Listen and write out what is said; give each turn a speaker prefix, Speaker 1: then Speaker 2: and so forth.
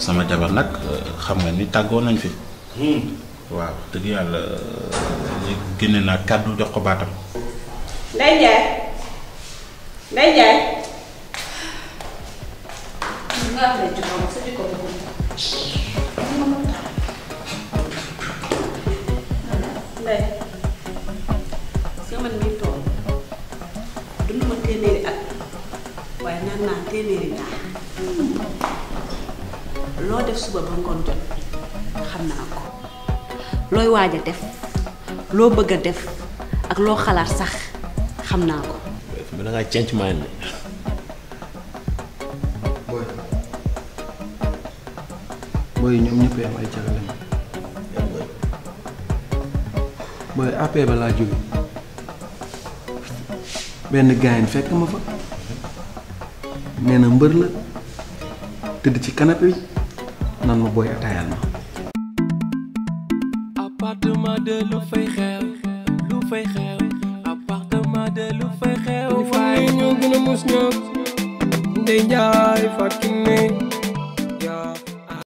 Speaker 1: sama jabar nag euh, xam nga ni tàggoo nañ fi. Hmm. waaw dëgg yàlla euh, génne naa kàddu jox ko baatam.
Speaker 2: Ndeye Ndiaye Ndeye Ndiaye. Ndeye si man mii toog téeméeri at waaye naan naa téeméeri naa. loo def suba ba ngoon jot xam naa ko looy waaj a def loo bëgg a def ak loo xalaat sax xam naa ko.
Speaker 1: mais da ngaa cënc booy ñoom ñëpp yam ay booy AP ba laa jóge benn gaayen fekk ma fa nee mbër la tëdd ci canapé bi. nan ma booy ataayaal ma.
Speaker 2: appartement de lu fay xew lu fay xew appartement de lu fay xew waaye ñoo gën a mus